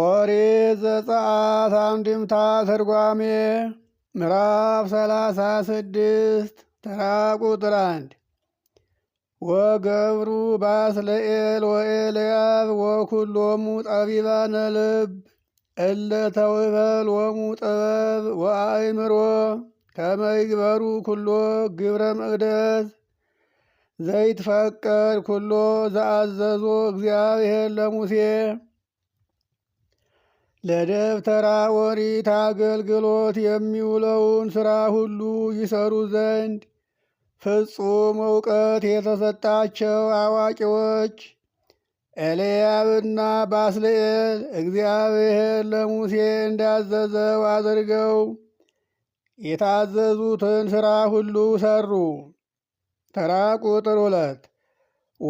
ኦሪት ዘጸአት አንድምታ ትርጓሜ ምዕራፍ ሰላሳ ስድስት ተራ ቁጥር አንድ ወገብሩ ባስለኤል ወኤልያብ ወኩሎሙ ጠቢባነ ልብ እለ ተውበል ሎሙ ጥበብ ወአእምሮ ከመይግበሩ ኩሎ ግብረ መቅደስ ዘይትፈቀድ ኩሎ ዘአዘዞ እግዚአብሔር ለሙሴ ለደብተራ ወሪት አገልግሎት የሚውለውን ሥራ ሁሉ ይሰሩ ዘንድ ፍጹም እውቀት የተሰጣቸው አዋቂዎች ኤልያብና ባስልኤል እግዚአብሔር ለሙሴ እንዳዘዘው አድርገው የታዘዙትን ሥራ ሁሉ ሰሩ። ተራ ቁጥር ሁለት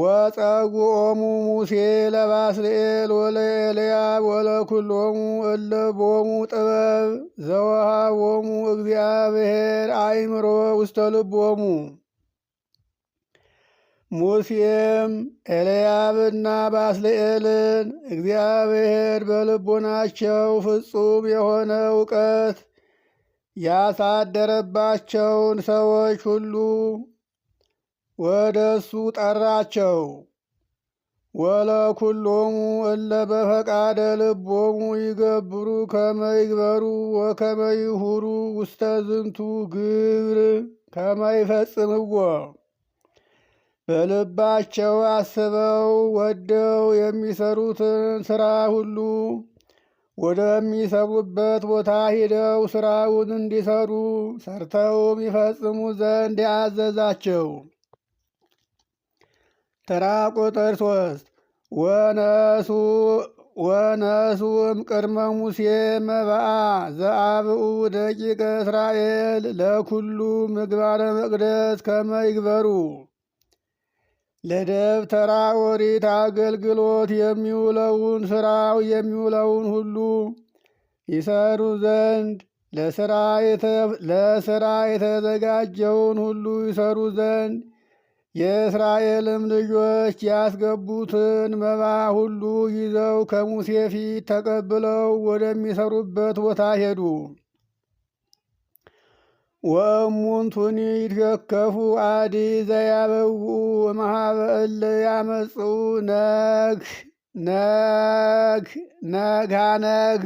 ወፀጉኦሙ ሙሴ ለባስልኤል ወለኤልያብ ወለኩሎሙ እልቦሙ ጥበብ ዘወሃቦሙ እግዚአብሔር አይምሮ ውስተ ልቦሙ። ሙሴም ኤልያብና ባስልኤልን እግዚአብሔር በልቦናቸው ፍጹም የሆነ እውቀት ያሳደረባቸውን ሰዎች ሁሉ ወደ እሱ ጠራቸው። ወለኩሎሙ እለ በፈቃደ ልቦሙ ይገብሩ ከመይግበሩ ወከመይሁሩ ውስተ ዝንቱ ግብር ከመይፈጽምዎ በልባቸው አስበው ወደው የሚሰሩትን ስራ ሁሉ ወደሚሰሩበት ቦታ ሂደው ስራውን እንዲሰሩ ሰርተውም ይፈጽሙ ዘንድ ያዘዛቸው። ተራ ቁጥር ሶስት ወነሱም ቅድመ ሙሴ መባአ ዘአብኡ ደቂቀ እስራኤል ለኩሉ ምግባረ መቅደስ ከመይግበሩ ለደብተራ ወሪት አገልግሎት የሚውለውን ስራው የሚውለውን ሁሉ ይሰሩ ዘንድ ለስራ የተዘጋጀውን ሁሉ ይሰሩ ዘንድ የእስራኤልም ልጆች ያስገቡትን መባ ሁሉ ይዘው ከሙሴ ፊት ተቀብለው ወደሚሰሩበት ቦታ ሄዱ። ወእሙንቱኒ ይትከከፉ አዲ ዘያበው ወመሃበ ያመፁ ነግ ነግ ነግ ነግ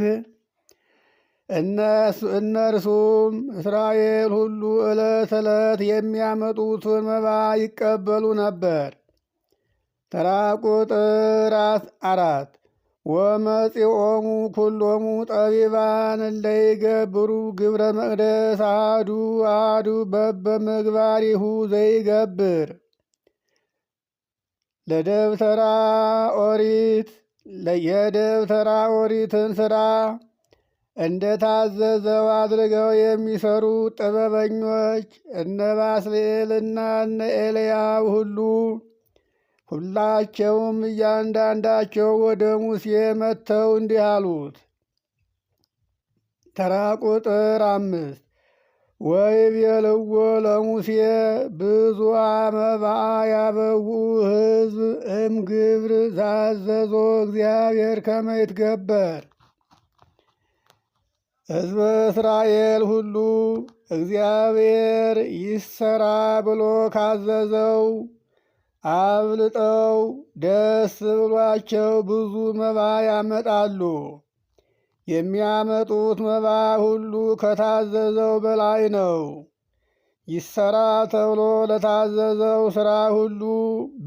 እነርሱም እስራኤል ሁሉ ዕለት ዕለት የሚያመጡትን መባ ይቀበሉ ነበር። ተራ ቁጥር አራት ወመጺኦሙ ኩሎሙ ጠቢባን እንደይገብሩ ግብረ መቅደስ አዱ አዱ በበምግባሪሁ ዘይገብር ለደብተራ ኦሪት የደብተራ ኦሪትን ስራ እንደ ታዘዘው አድርገው የሚሰሩ ጥበበኞች እነ ባስልኤልና እነ ኤልያብ ሁሉ ሁላቸውም እያንዳንዳቸው ወደ ሙሴ መጥተው እንዲህ አሉት። ተራ ቁጥር አምስት ወይብ የልዎ ለሙሴ ብዙ አመባ ያበው ሕዝብ እምግብር ዛዘዞ እግዚአብሔር ከመይትገበር ሕዝበ እስራኤል ሁሉ እግዚአብሔር ይሰራ ብሎ ካዘዘው አብልጠው ደስ ብሏቸው ብዙ መባ ያመጣሉ። የሚያመጡት መባ ሁሉ ከታዘዘው በላይ ነው። ይሰራ ተብሎ ለታዘዘው ሥራ ሁሉ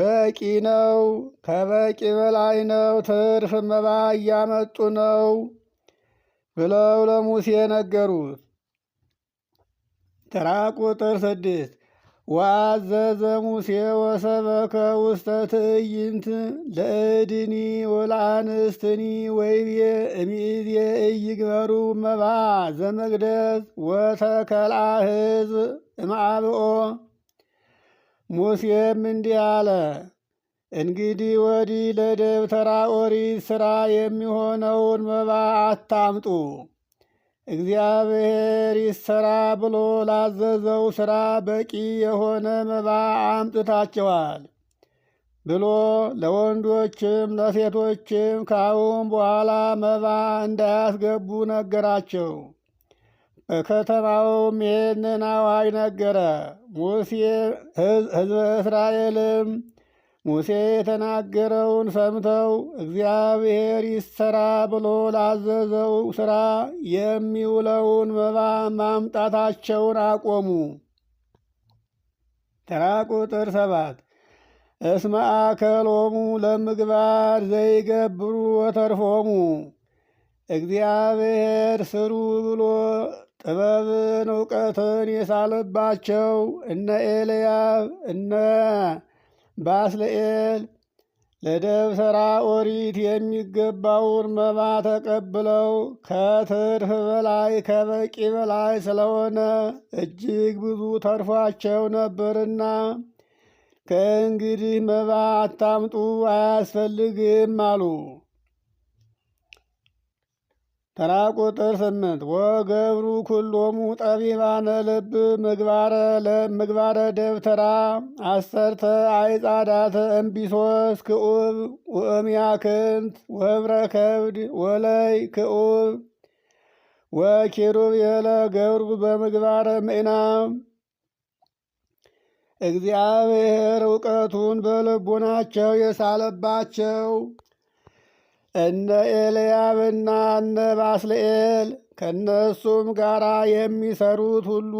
በቂ ነው፣ ከበቂ በላይ ነው። ትርፍ መባ እያመጡ ነው። ብለው ለሙሴ ነገሩት። ተራ ቁጥር ስድስት ወአዘዘ ሙሴ ወሰበከ ውስተ ትዕይንት ለእድኒ ወለአንስትኒ ወይቤ እምይእዜ እይግበሩ መባ ዘመግደስ ወተከልአ ህዝብ እምአብኦ። ሙሴም እንዲህ አለ፦ እንግዲህ ወዲህ ለደብተራ ኦሪት ሥራ የሚሆነውን መባ አታምጡ። እግዚአብሔር ይሠራ ብሎ ላዘዘው ሥራ በቂ የሆነ መባ አምጥታቸዋል ብሎ ለወንዶችም ለሴቶችም ካሁን በኋላ መባ እንዳያስገቡ ነገራቸው። በከተማውም ይህንን አዋጅ ነገረ። ሙሴ ሕዝበ እስራኤልም ሙሴ የተናገረውን ሰምተው እግዚአብሔር ይሰራ ብሎ ላዘዘው ሥራ የሚውለውን መባ ማምጣታቸውን አቆሙ። ተራ ቁጥር ሰባት እስመ አከሎሙ ለምግባር ዘይገብሩ ወተርፎሙ እግዚአብሔር ስሩ ብሎ ጥበብን እውቀትን የሳለባቸው እነ ኤልያብ እነ ባስልኤል ለደብተራ ኦሪት የሚገባውን መባ ተቀብለው ከትርፍ በላይ ከበቂ በላይ ስለሆነ እጅግ ብዙ ተርፏቸው ነበርና ከእንግዲህ መባ አታምጡ አያስፈልግም አሉ። ተራ ቁጥር ስምንት ወገብሩ ኩሎሙ ጠቢባነ ልብ ምግባረ ደብተራ አሰርተ አይጻዳተ እምቢሶስ ክኡብ ውእምያ ክንት ወብረ ከብድ ወለይ ክኡብ ወኪሩብ የለ ገብሩ በምግባረ ምእና እግዚአብሔር እውቀቱን በልቡናቸው የሳለባቸው እነ ኤልያብና እነ ባስልኤል ከእነሱም ጋር የሚሰሩት ሁሉ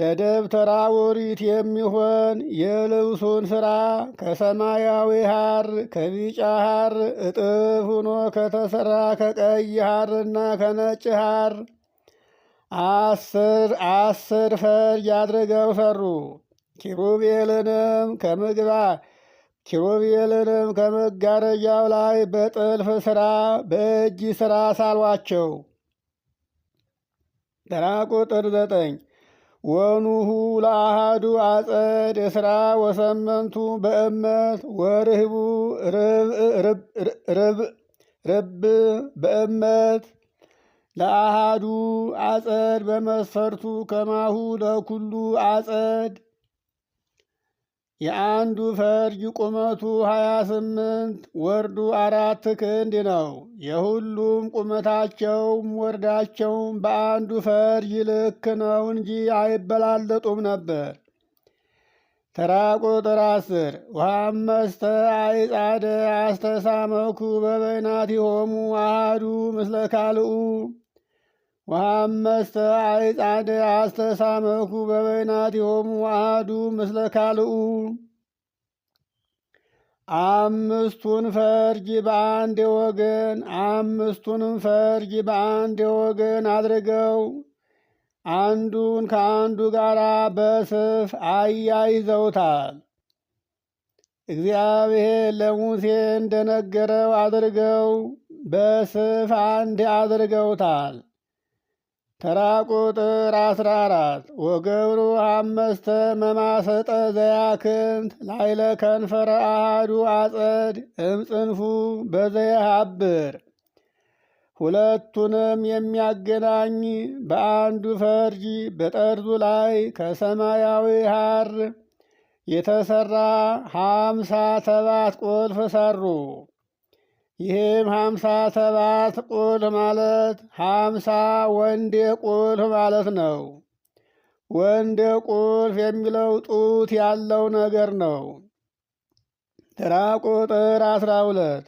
ለደብተራ ኦሪት የሚሆን የልብሱን ሥራ ከሰማያዊ ሐር ከቢጫ ሐር እጥፍ ሆኖ ከተሠራ ከቀይ ሐርና ከነጭ ሐር አስር አስር ፈርጅ አድርገው ሰሩ። ኪሩቤልንም ከምግባ ኪሩቤልንም ከመጋረጃው ላይ በጥልፍ ሥራ በእጅ ሥራ ሳሏቸው። ተራ ቁጥር ዘጠኝ ወኑሁ ለአሃዱ አጸድ እስራ ወሰመንቱ በእመት ወርህቡ ርብ በእመት ለአሃዱ አጸድ በመስፈርቱ ከማሁ ለኩሉ አጸድ የአንዱ ፈርጅ ቁመቱ ሀያ ስምንት ወርዱ አራት ክንድ ነው። የሁሉም ቁመታቸውም ወርዳቸውም በአንዱ ፈርጅ ልክ ነው እንጂ አይበላለጡም ነበር። ተራ ቁጥር አስር ወሐመስተ አይጻደ አስተሳመኩ በበይናት በበይናቲሆሙ አህዱ ምስለ ካልኡ ወአመስተ አይጣደ አስተሳመኩ በበይናቲሆሙ አሐዱ ምስለ ካልኡ አምስቱን ፈርጅ በአንድ ወገን አምስቱንም ፈርጅ በአንድ ወገን አድርገው አንዱን ከአንዱ ጋር በስፍ አያይዘውታል። እግዚአብሔር ለሙሴ እንደነገረው አድርገው በስፍ አንድ አድርገውታል። ተራ ቁጥር 14 ወገብሩ አመስተ መማሰጠ ዘያክንት ላይለ ከንፈረ አህዱ አጸድ እምጽንፉ በዘየሃብር ሁለቱንም የሚያገናኝ በአንዱ ፈርጅ በጠርዙ ላይ ከሰማያዊ ሐር የተሰራ ሀምሳ ሰባት ቁልፍ ሰሩ። ይህም ሀምሳ ሰባት ቁልህ ማለት ሀምሳ ወንዴ ቁልህ ማለት ነው። ወንዴ ቁልፍ የሚለው ጡት ያለው ነገር ነው። ተራ ቁጥር አስራ ሁለት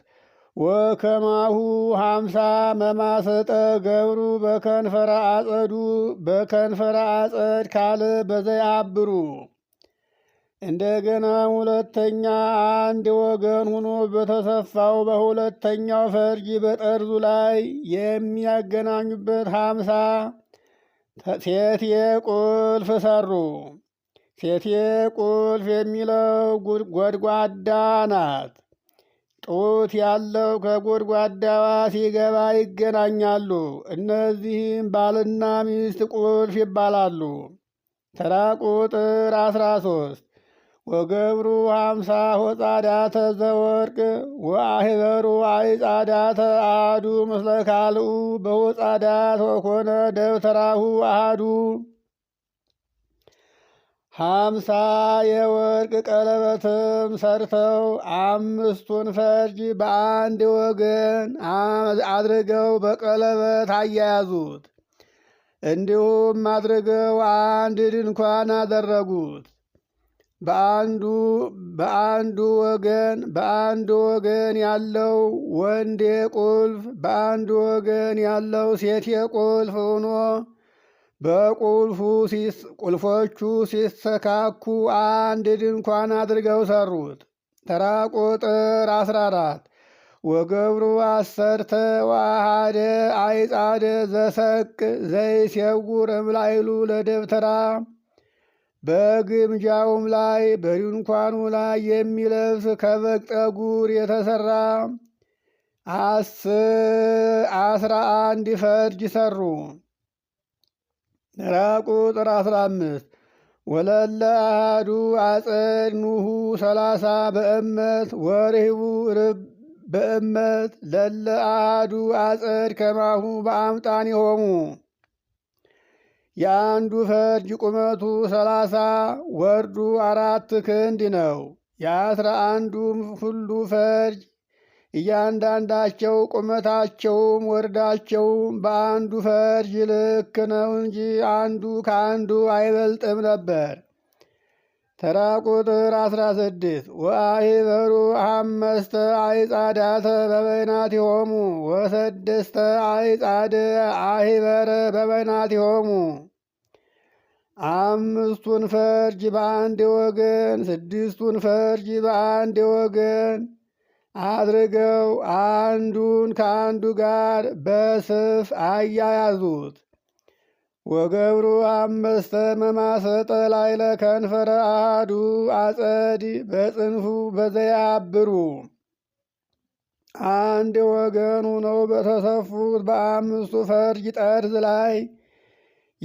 ወከማሁ ሀምሳ መማሰጠ ገብሩ በከንፈረ አጸዱ በከንፈረ አጸድ ካል አብሩ እንደገናም ሁለተኛ አንድ ወገን ሆኖ በተሰፋው በሁለተኛው ፈርጅ በጠርዙ ላይ የሚያገናኙበት ሀምሳ ሴት ቁልፍ ሰሩ። ሴት ቁልፍ የሚለው ጎድጓዳ ናት። ጡት ያለው ከጎድጓዳዋ ሲገባ ይገናኛሉ። እነዚህም ባልና ሚስት ቁልፍ ይባላሉ። ተራ ቁጥር አስራ ሶስት ወገብሩ አምሳ ሆጻዳተ ዘወርቅ ወአህበሩ አይጻዳተ አሃዱ ምስለ ካልኡ በሆጻዳት ወኮነ ደብተራሁ አሃዱ ሀምሳ የወርቅ ቀለበትም ሰርተው አምስቱን ፈርጅ በአንድ ወገን አድርገው በቀለበት አያያዙት። እንዲሁም አድርገው አንድ ድንኳን አደረጉት። በአንዱ በአንዱ ወገን በአንድ ወገን ያለው ወንዴ ቁልፍ በአንድ ወገን ያለው ሴት ቁልፍ ሆኖ በቁልፉ ቁልፎቹ ሲሰካኩ አንድ ድንኳን አድርገው ሰሩት። ተራ ቁጥር 14 ወገብሩ አሰርተ ዋሃደ አይጻደ ዘሰቅ ዘይሴውር እምላይሉ ለደብተራ በግምጃውም ላይ በድንኳኑ ላይ የሚለብስ ከበግ ጠጉር የተሰራ አስራ አንድ ፈርጅ ሰሩ። ራ ቁጥር አስራ አምስት ወለለ አሃዱ አፀድ ኑሁ ሰላሳ በእመት ወርህቡ ርብ በእመት ለለ አሃዱ አፀድ ከማሁ በአምጣን ይሆሙ የአንዱ ፈርጅ ቁመቱ ሰላሳ ወርዱ አራት ክንድ ነው። የአስራ አንዱም ሁሉ ፈርጅ እያንዳንዳቸው ቁመታቸውም ወርዳቸውም በአንዱ ፈርጅ ልክ ነው እንጂ አንዱ ከአንዱ አይበልጥም ነበር። ተራ ቁጥር 16 ወአይበሩ አምስተ አይጻዳተ ሆሙ ወስድስተ አይጻድ አይበረ ሆሙ አምስቱን ፈርጅ በአንድ ወገን፣ ስድስቱን ፈርጅ በአንድ ወገን አድርገው አንዱን ከአንዱ ጋር በስፍ አያያዙት። ወገብሩ አመስተ መማሰጠ ላይለ ከንፈረ አሃዱ አጸድ በጽንፉ በዘያብሩ አንድ ወገኑ ነው በተሰፉት በአምስቱ ፈርጅ ጠርዝ ላይ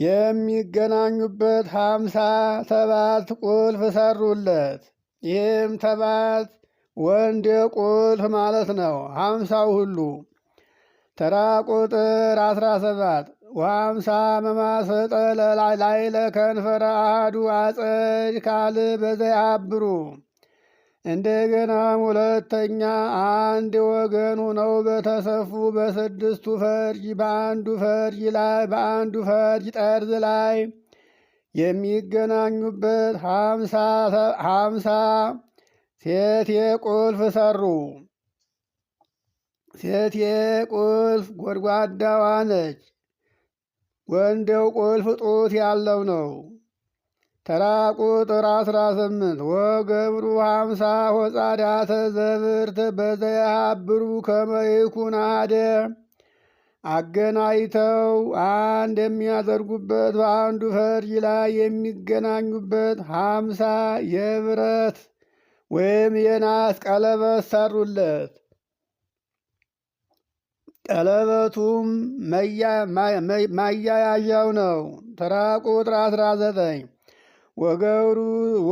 የሚገናኙበት ሀምሳ ተባት ቁልፍ ሰሩለት። ይህም ተባት ወንድ ቁልፍ ማለት ነው። ሀምሳው ሁሉ ተራ ቁጥር አስራ ሰባት ዋምሳ መማሰጠለ ላይ ለከንፈረ አህዱ አጸድ ካል በዘያብሩ እንደገናም ሁለተኛ አንድ ወገን ሆነው በተሰፉ በስድስቱ ፈርጅ በአንዱ ፈርጅ ላይ በአንዱ ፈርጅ ጠርዝ ላይ የሚገናኙበት ሀምሳ ሴት የቁልፍ ሰሩ። ሴት የቁልፍ ጎድጓዳዋ ነች። ወንዴው ቁልፍ ጡት ያለው ነው። ተራ ቁጥር አስራ ስምንት ወገብሩ ሀምሳ ሆጻዳተ ዘብርት በዘያብሩ ከመይኩን አደ አገናኝተው አንድ የሚያደርጉበት በአንዱ ፈርጅ ላይ የሚገናኙበት ሀምሳ የብረት ወይም የናስ ቀለበት ሰሩለት። ቀለበቱም ማያያዣው ነው። ተራ ቁጥር 19 ወገብሩ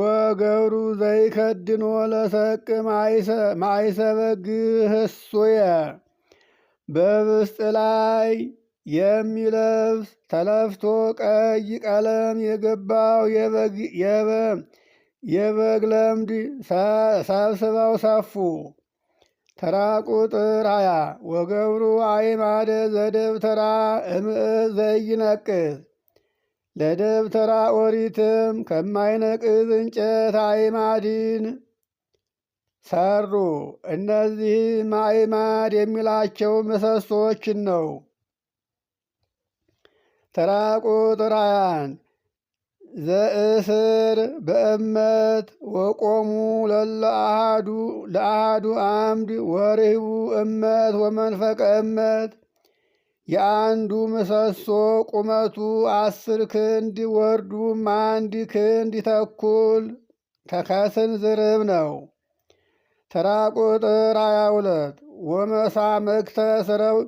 ወገብሩ ዘይከድኖ ለሰቅ ማይሰበግህ እሱየ በብስጥ ላይ የሚለብስ ተለፍቶ ቀይ ቀለም የገባው የበግ ለምድ ሰብስበው ሰፉ። ተራ ቁጥር አያ ወገብሩ አይማደ ዘደብተራ እምእዝ ዘይነቅዝ ለደብተራ ኦሪትም ከማይነቅዝ እንጨት አይማዲን ሰሩ። እነዚህም አይማድ የሚላቸው ምሰሶችን ነው። ተራ ቁጥር አያን ዘእስር በእመት ወቆሙ ለአሃዱ አምድ ወርህቡ እመት ወመንፈቀ እመት የአንዱ ምሰሶ ቁመቱ አስር ክንድ ወርዱም አንድ ክንድ ተኩል ከስንዝርም ነው። ተራ ቁጥር 22 ስረው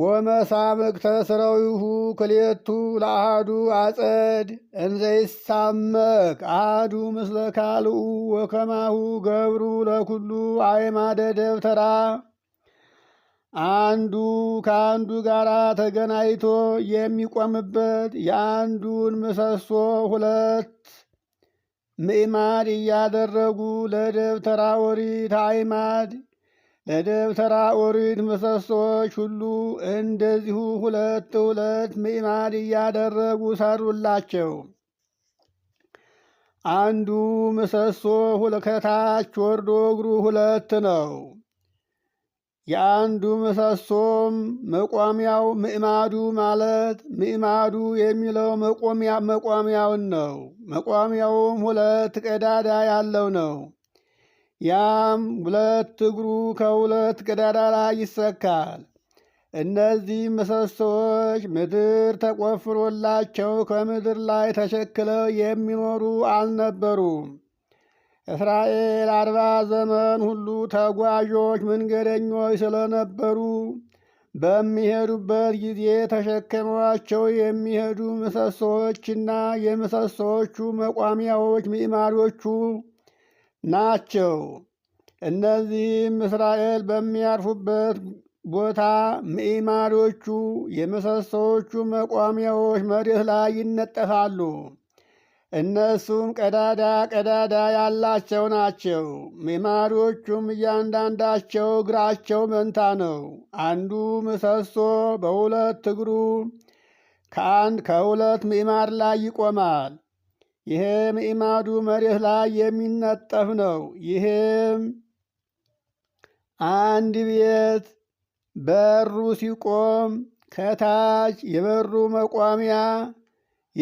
ወመሳምቅ ተስረዊሁ ክሌቱ ለአህዱ አጸድ እንዘይሳመቅ አህዱ ምስለ ካልኡ ወከማሁ ገብሩ ለኩሉ አይማደ ደብተራ አንዱ ከአንዱ ጋር ተገናኝቶ የሚቆምበት የአንዱን ምሰሶ ሁለት ምዕማድ እያደረጉ ለደብተራ ወሪት አይማድ ለደብተራ ኦሪት ምሰሶች ሁሉ እንደዚሁ ሁለት ሁለት ምዕማድ እያደረጉ ሰሩላቸው። አንዱ ምሰሶ ከታች ወርዶ እግሩ ሁለት ነው። የአንዱ ምሰሶም መቋሚያው ምዕማዱ ማለት ምዕማዱ የሚለው መቋሚያውን ነው። መቋሚያውም ሁለት ቀዳዳ ያለው ነው። ያም ሁለት እግሩ ከሁለት ቀዳዳ ላይ ይሰካል። እነዚህ ምሰሶዎች ምድር ተቆፍሮላቸው ከምድር ላይ ተሸክለው የሚኖሩ አልነበሩም። እስራኤል አርባ ዘመን ሁሉ ተጓዦች መንገደኞች ስለነበሩ በሚሄዱበት ጊዜ ተሸክመዋቸው የሚሄዱ ምሰሶዎችና የምሰሶዎቹ መቋሚያዎች ሚማሪዎቹ ናቸው። እነዚህም እስራኤል በሚያርፉበት ቦታ ምዕማሪዎቹ የምሰሶዎቹ መቋሚያዎች መሬት ላይ ይነጠፋሉ። እነሱም ቀዳዳ ቀዳዳ ያላቸው ናቸው። ምዕማዶቹም እያንዳንዳቸው እግራቸው መንታ ነው። አንዱ ምሰሶ በሁለት እግሩ ከአንድ ከሁለት ምዕማር ላይ ይቆማል። ይህም ኢማዱ መሬት ላይ የሚነጠፍ ነው። ይህም አንድ ቤት በሩ ሲቆም ከታች የበሩ መቋሚያ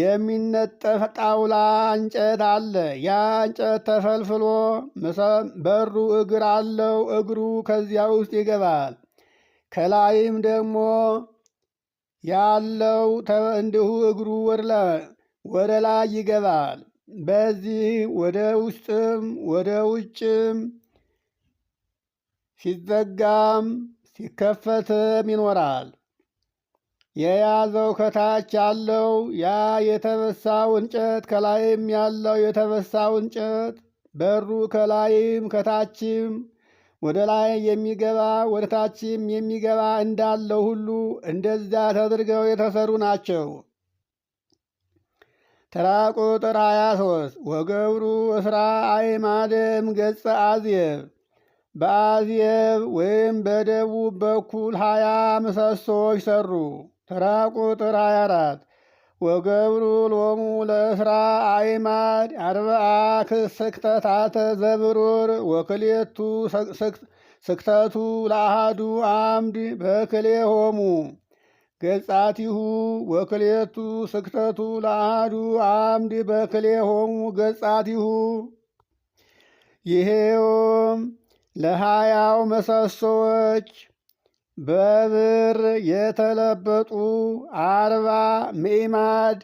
የሚነጠፍ ጣውላ እንጨት አለ። ያ እንጨት ተፈልፍሎ በሩ እግር አለው። እግሩ ከዚያ ውስጥ ይገባል። ከላይም ደግሞ ያለው እንዲሁ እግሩ ወደ ወደ ላይ ይገባል። በዚህ ወደ ውስጥም ወደ ውጭም ሲዘጋም ሲከፈትም ይኖራል። የያዘው ከታች ያለው ያ የተበሳው እንጨት ከላይም ያለው የተበሳው እንጨት በሩ ከላይም ከታችም ወደ ላይ የሚገባ ወደ ታችም የሚገባ እንዳለው ሁሉ እንደዚያ ተደርገው የተሰሩ ናቸው። ተራ ቁጥር 23 ወገብሩ እስራ አይማደም ገጸ አዝየብ በአዝየብ ወይም በደቡብ በኩል ሀያ ምሰሶች ሰሩ። ተራ ቁጥር 24 ወገብሩ ሎሙ ለእስራ አይማድ አርበአ ክስክተታተ ዘብሩር ወክሌቱ ስክተቱ ለአህዱ አምድ በክሌ ሆሙ ገጻቲሁ ወክሌቱ ስክተቱ ለአሐዱ አምድ በክሌ ሆሙ ገጻቲሁ ይሄውም ለሃያው ምሰሶዎች በብር የተለበጡ አርባ ሚማድ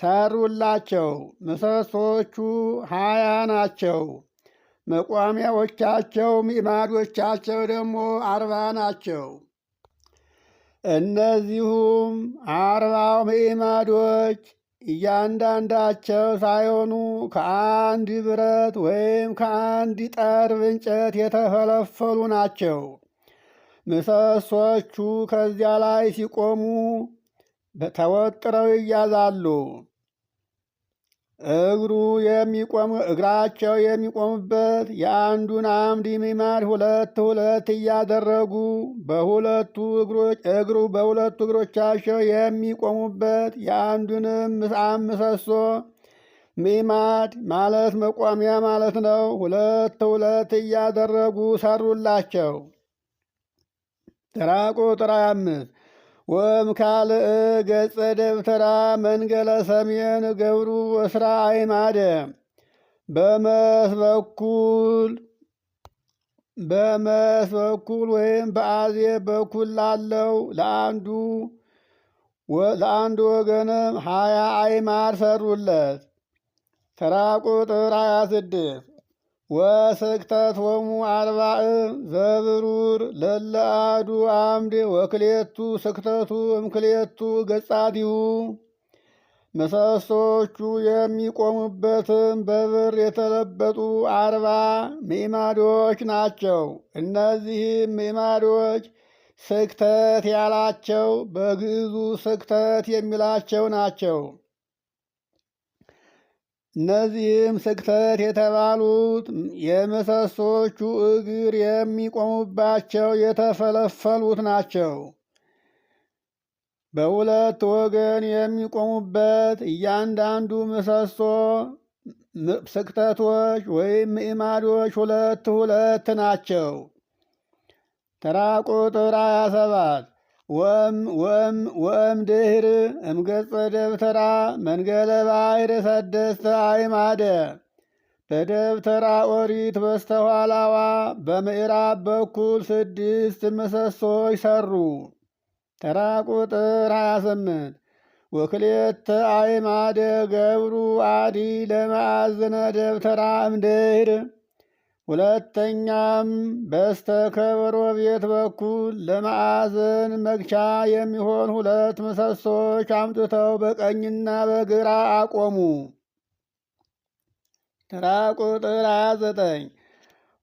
ሰሩላቸው። ምሰሶዎቹ ሃያ ናቸው። መቋሚያዎቻቸው ሚማዶቻቸው ደግሞ አርባ ናቸው። እነዚሁም አርባው ምዕማዶች እያንዳንዳቸው ሳይሆኑ ከአንድ ብረት ወይም ከአንድ ጠርብ እንጨት የተፈለፈሉ ናቸው። ምሰሶቹ ከዚያ ላይ ሲቆሙ ተወጥረው ይያዛሉ። እግሩ የሚቆም እግራቸው የሚቆምበት የአንዱን አምድ ሚማድ ሁለት ሁለት እያደረጉ በሁለቱ እግሩ በሁለቱ እግሮቻቸው የሚቆሙበት የአንዱንም ምሰሶ ሚማድ ማለት መቋሚያ ማለት ነው። ሁለት ሁለት እያደረጉ ሰሩላቸው። ተራ ቁጥር አምስት ወም ካልእ ገጸ ደብተራ መንገለ ሰሜን ገብሩ ወስራ አይማደ በመስ በኩል ወይም በአዜ በኩል ላለው ለአንዱ ለአንድ ወገንም ሀያ አይማድ ሰሩለት። ተራ ቁጥር 26 ወስክተት ወሙ አርባዕ ዘብሩር ለለአዱ አምድ ወክሌቱ ስክተቱ እምክሌቱ ገጻቲሁ ምሰሶቹ የሚቆሙበትም በብር የተለበጡ አርባ ሚማዶች ናቸው። እነዚህም ሚማዶች ስክተት ያላቸው በግዕዙ ስክተት የሚላቸው ናቸው። እነዚህም ስክተት የተባሉት የምሰሶቹ እግር የሚቆሙባቸው የተፈለፈሉት ናቸው። በሁለት ወገን የሚቆሙበት እያንዳንዱ ምሰሶ ስክተቶች ወይም ምዕማዶች ሁለት ሁለት ናቸው። ተራ ቁጥር 27 ወም ወም ወም ድህር እምገጸ ደብተራ መንገለ ባይር ሰደስተ አይማደ በደብተራ ኦሪት በስተኋላዋ በምዕራብ በኩል ስድስት ምሰሶች ሰሩ። ተራ ቁጥር 28 ወክልኤተ አይማደ ገብሩ አዲ ለማዕዝነ ደብተራ እምድህር ሁለተኛም በስተከበሮ ቤት በኩል ለማዕዘን መግቻ የሚሆን ሁለት ምሰሶች አምጥተው በቀኝና በግራ አቆሙ። ተራ ቁጥር ዘጠኝ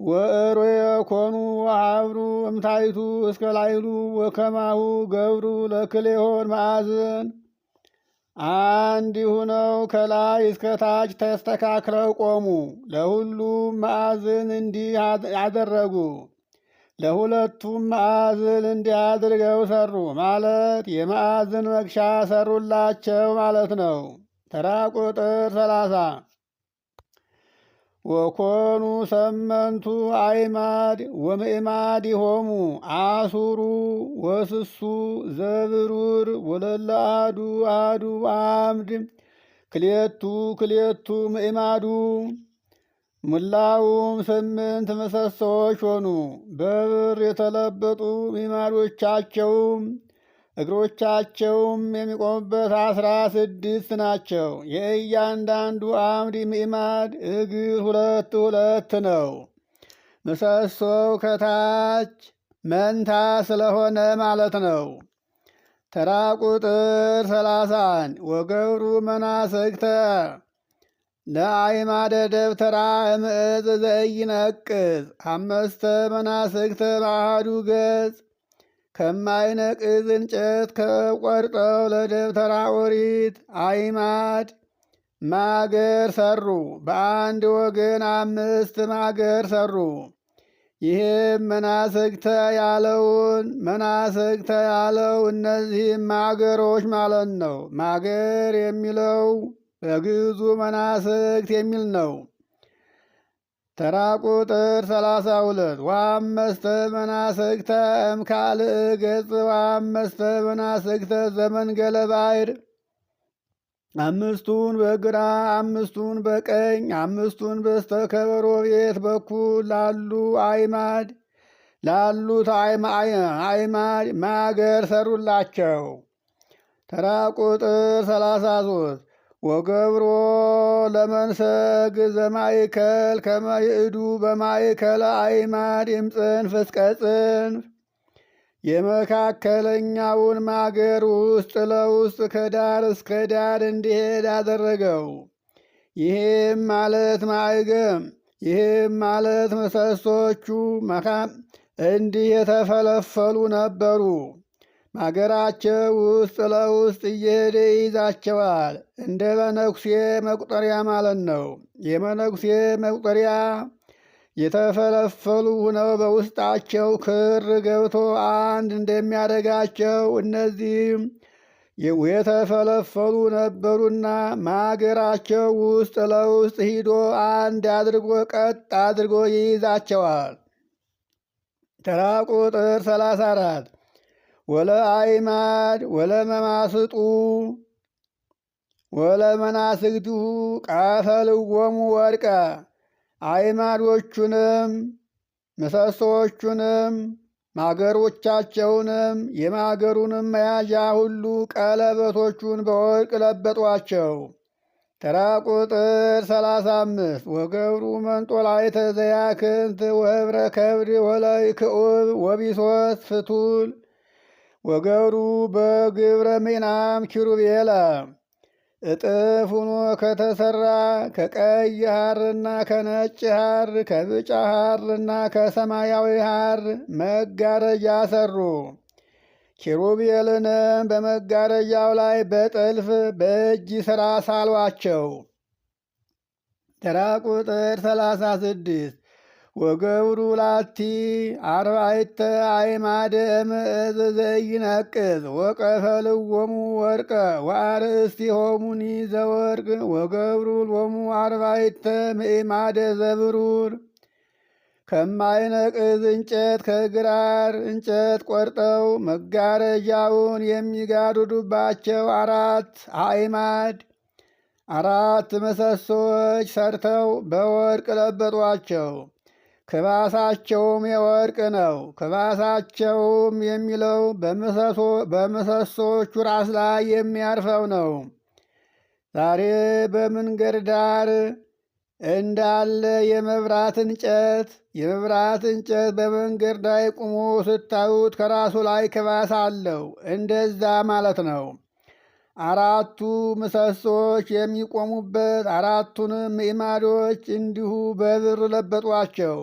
ወእሮ የኮኑ ወሀብሩ እምታይቱ እስከ ላይሉ ወከማሁ ገብሩ ለክሌሆን ማዕዘን አንድ ሆነው ከላይ እስከ ታች ተስተካክለው ቆሙ። ለሁሉም ማዕዘን እንዲህ አደረጉ። ለሁለቱም ማዕዘን እንዲህ አድርገው ሰሩ ማለት የማዕዘን መክሻ ሰሩላቸው ማለት ነው። ተራ ቁጥር ሰላሳ ወኮኑ ሰመንቱ አይማድ ሆሙ አሱሩ ወስሱ ዘብሩር ወለለ አዱ አምድ ክሌቱ ክሌቱ ምእማዱ ሙላውም ስምንት ምሰሶዎች ሆኑ። በብር የተለበጡ ሚማዶቻቸውም እግሮቻቸውም የሚቆሙበት አስራ ስድስት ናቸው። የእያንዳንዱ አምድ ሚዕማድ እግር ሁለት ሁለት ነው። ምሰሶው ከታች መንታ ስለሆነ ማለት ነው። ተራ ቁጥር ሰላሳን ወገብሩ መናስግተ ለአይማደ ደብተራ እምዕፅ ዘይነቅዝ አመስተ መናስግተ ባህዱ ገጽ ከማይነቅዝ እንጨት ከቆርጠው ለደብተራ ኦሪት አይማድ ማገር ሰሩ። በአንድ ወገን አምስት ማገር ሰሩ። ይህም መናስግተ ያለውን መናስግተ ያለው እነዚህም ማገሮች ማለት ነው። ማገር የሚለው በግዕዙ መናስግት የሚል ነው። ተራ ቁጥር 32 ወአመስተ መናስክተ እምካልእ ገጽ ወአመስተ መናስክተ ዘመን ባሕር አምስቱን በግራ አምስቱን በቀኝ አምስቱን በስተከበሮ ቤት በኩል ላሉ አይማድ ላሉት አይማድ ማገር ሰሩላቸው። ተራ ቁጥር 33 ወገብሮ ለመንሰግ ዘማይከል ከመይእዱ በማይከል አይማድ ይምፅንፍ እስከ ጽንፍ የመካከለኛውን ማገር ውስጥ ለውስጥ ከዳር እስከ ዳር እንዲሄድ አደረገው። ይህም ማለት ማዕገም፣ ይህም ማለት ምሰሶቹ እንዲህ የተፈለፈሉ ነበሩ። በአገራቸው ውስጥ ለውስጥ እየሄደ ይይዛቸዋል። እንደ መነኩሴ መቁጠሪያ ማለት ነው። የመነኩሴ መቁጠሪያ የተፈለፈሉ ሆነው በውስጣቸው ክር ገብቶ አንድ እንደሚያደርጋቸው እነዚህም የተፈለፈሉ ነበሩና ማገራቸው ውስጥ ለውስጥ ሂዶ አንድ አድርጎ ቀጥ አድርጎ ይይዛቸዋል። ተራ ቁጥር 34 ወለ አይማድ ወለ መማስጡ ወለ መናስግድሁ ቃፈልወሙ ወድቀ አይማዶቹንም ምሰሶዎቹንም ማገሮቻቸውንም የማገሩንም መያዣ ሁሉ ቀለበቶቹን በወርቅ ለበጧቸው። ተራ ቁጥር ሰላሳ አምስት ወገብሩ መንጦላዕተ ዘያክንት ወህብረ ከብድ ወለይክዑብ ወቢሶት ፍቱል ወገሩ በግብረ ሜናም ኪሩቤለ እጥፍ ከተሰራ ከቀይ ሐርና ከነጭ ሐር ከብጫ ሐርና ከሰማያዊ ሐር መጋረጃ ሰሩ። ኪሩቤልንም በመጋረጃው ላይ በጥልፍ በእጅ ሥራ ሳሏቸው። ተራ ቁጥር 36 ወገብሩ ላቲ አርባይተ አይማደ ምእዝ ዘይነቅዝ ወቀፈልዎሙ ወርቀ ሆሙኒ ዘወርቅ ወገብሩ ሎሙ አርባይተ ምእማደ ዘብሩር ከማይነቅዝ እንጨት ከግራር እንጨት ቆርጠው መጋረጃውን የሚጋርዱባቸው አራት አይማድ አራት ምሰሶች ሰርተው በወርቅ ለበጧቸው። ክባሳቸውም የወርቅ ነው። ክባሳቸውም የሚለው በምሰሶቹ ራስ ላይ የሚያርፈው ነው። ዛሬ በመንገድ ዳር እንዳለ የመብራት እንጨት የመብራት እንጨት በመንገድ ላይ ቁሞ ስታዩት ከራሱ ላይ ክባስ አለው። እንደዛ ማለት ነው። አራቱ ምሰሶች የሚቆሙበት አራቱንም ኢማዶች እንዲሁ በብር ለበጧቸው።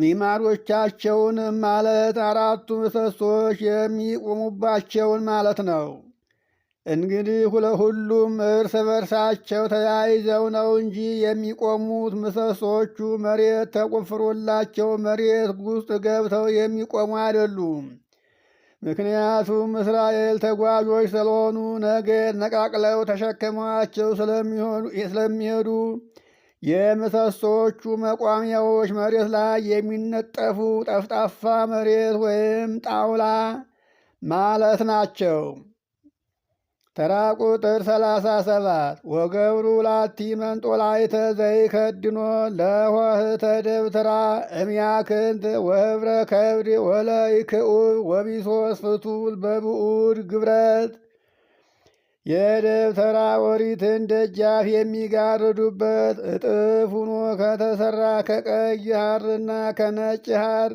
ሚማሮቻቸውን ማለት አራቱ ምሰሶች የሚቆሙባቸውን ማለት ነው። እንግዲህ ለሁሉም እርስ በርሳቸው ተያይዘው ነው እንጂ የሚቆሙት ምሰሶቹ መሬት ተቆፍሮላቸው መሬት ውስጥ ገብተው የሚቆሙ አይደሉም። ምክንያቱም እስራኤል ተጓዦች ስለሆኑ ነገ ነቃቅለው ተሸክመዋቸው ስለሚሄዱ የምሰሶቹ መቋሚያዎች መሬት ላይ የሚነጠፉ ጠፍጣፋ መሬት ወይም ጣውላ ማለት ናቸው። ተራ ቁጥር 37 ወገብሩ ላቲ መንጦላይተ ዘይከድኖ ለወህተ ደብተራ እሚያክንት ወህብረ ከብድ ወለይክዑብ ወቢሶስ ፍቱል በብኡድ ግብረት የደብተራ ኦሪትን ደጃፍ የሚጋርዱበት እጥፍ ሆኖ ከተሰራ ከቀይ ሐርና ከነጭ ሐር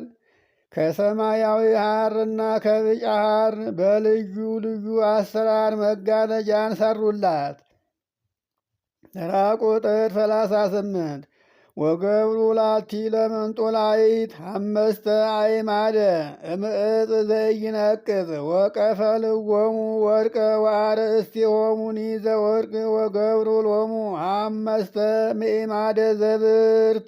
ከሰማያዊ ሐርና ከብጫ ሐር በልዩ ልዩ አሰራር መጋረጃን ሰሩላት። ተራ ቁጥር 38 ወገብሩ ላቲ ለመንጦላይት አመስተ አይማደ እምእጽ ዘይነቅጽ ወቀፈልዎሙ ወርቀ ዋርእስቲሆሙኒ ዘወርቅ ወገብሩ ሎሙ አመስተ ምዕማደ ዘብርት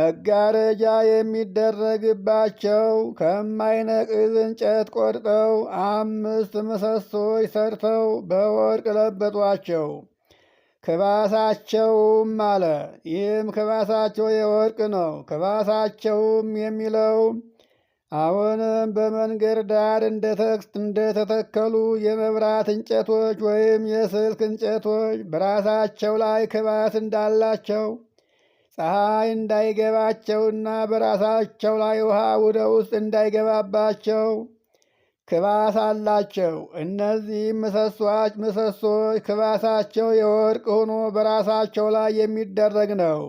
መጋረጃ የሚደረግባቸው ከማይነቅዝ እንጨት ቆርጠው አምስት ምሰሶች ሰርተው በወርቅ ለበጧቸው። ክባሳቸውም አለ። ይህም ክባሳቸው የወርቅ ነው። ክባሳቸውም የሚለው አሁንም በመንገድ ዳር እንደተተከሉ የመብራት እንጨቶች ወይም የስልክ እንጨቶች በራሳቸው ላይ ክባት እንዳላቸው ፀሐይ እንዳይገባቸውና በራሳቸው ላይ ውሃ ወደ ውስጥ እንዳይገባባቸው ክባስ አላቸው። እነዚህ ምሰሶች ምሰሶች ክባሳቸው የወርቅ ሆኖ በራሳቸው ላይ የሚደረግ ነው።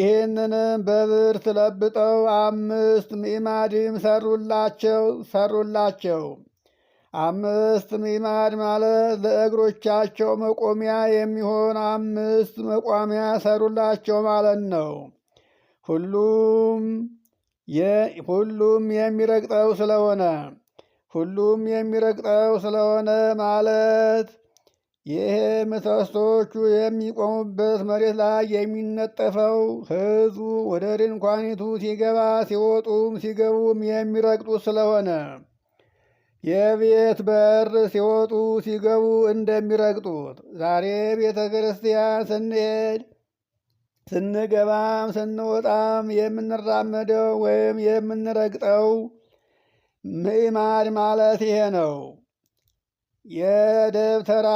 ይህንንም በብር ትለብጠው አምስት ሚማድም ሰሩላቸው ሰሩላቸው። አምስት ሚማድ ማለት ለእግሮቻቸው መቆሚያ የሚሆን አምስት መቋሚያ ሰሩላቸው ማለት ነው። ሁሉም ሁሉም የሚረግጠው ስለሆነ ሁሉም የሚረግጠው ስለሆነ ማለት ይሄ ምሰሶቹ የሚቆሙበት መሬት ላይ የሚነጠፈው ህዝቡ ወደ ድንኳኒቱ ሲገባ ሲወጡም ሲገቡም የሚረግጡት ስለሆነ የቤት በር ሲወጡ ሲገቡ እንደሚረግጡት ዛሬ ቤተ ክርስቲያን ስንሄድ ስንገባም ስንወጣም የምንራመደው ወይም የምንረግጠው ምዕማድ ማለት ይሄ ነው። የደብተራ